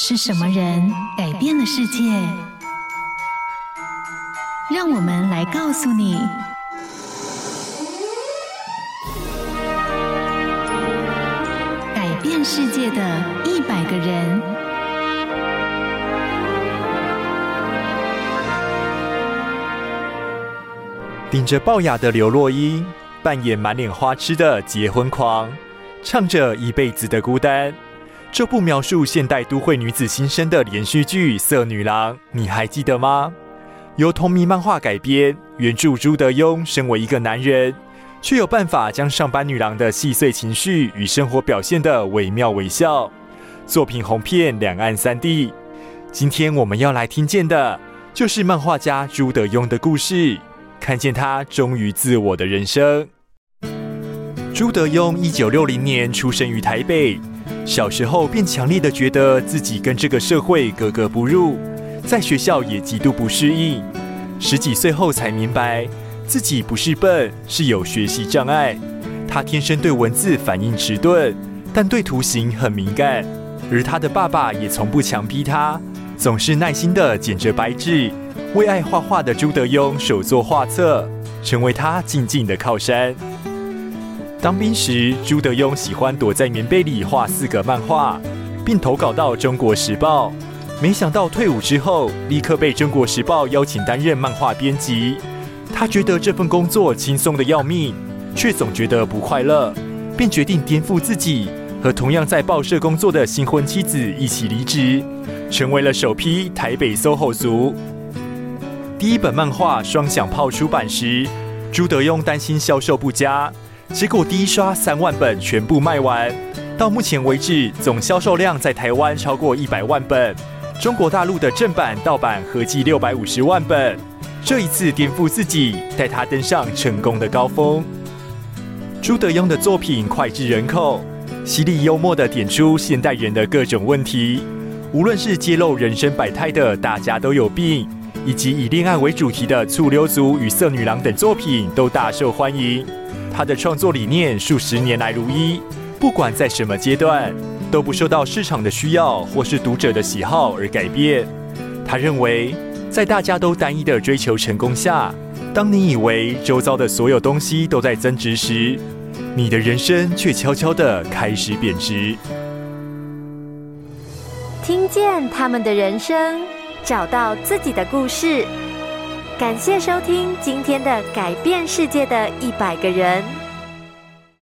是什麼人改變了世界？讓我們來告訴你：改變世界的一百個人。頂着齙牙的劉若英，扮演滿臉花痴的結婚狂，唱着《一輩子的孤單》。這部描述現代都會女子心聲的連續劇《澀女郎》，你還記得嗎？由同名漫畫改編，原著朱德庸。身為一個男人，卻有辦法將上班女郎的細碎情緒與生活表現得惟妙惟肖。作品紅遍兩岸三地。今天我們要來聽見的就是漫畫家朱德庸的故事，看見他忠於自我的人生。朱德庸一九六零年出生於台北。小時候便強烈的覺得自己跟這個社會格格不入，在學校也極度不適應。十幾歲後才明白自己不是笨，是有學習障礙。他天生對文字反應遲鈍，但對圖形很敏感。而他的爸爸也從不強逼他，總是耐心的剪着白紙，為愛畫畫的朱德庸手作畫冊，成為他靜靜的靠山。當兵時，朱德庸喜歡躲在棉被裡畫四格漫畫，並投稿到《中國時報》。沒想到退伍之後，立刻被《中國時報》邀請擔任漫畫編輯。他覺得這份工作輕鬆得要命，卻總覺得不快樂，便決定顛覆自己，和同樣在報社工作的新婚妻子一起離職，成為了首批台北 SOHO 族。第一本漫畫《雙響炮》出版時，朱德庸擔心銷售不佳。結果第一刷三萬本全部賣完，到目前為止總銷售量在台灣超過一百萬本，中國大陸的正版盜版合計六百五十萬本。這一次顛覆自己，帶他登上成功的高峰。朱德庸的作品《膾炙人口》，犀利幽默的點出現代人的各種問題，無論是揭露人生百態的“大家都有病”。以及以戀愛為主題的《醋溜族》與《澀女郎》等作品都大受歡迎。他的創作理念數十年來如一，不管在什麼階段，都不受到市場的需要或是讀者的喜好而改變。他認為，在大家都單一的追求成功下，當你以為周遭的所有東西都在增值時，你的人生卻悄悄的開始貶值。聽見他們的人生。找到自己的故事。感謝收聽今天的《改變世界的一百個人》。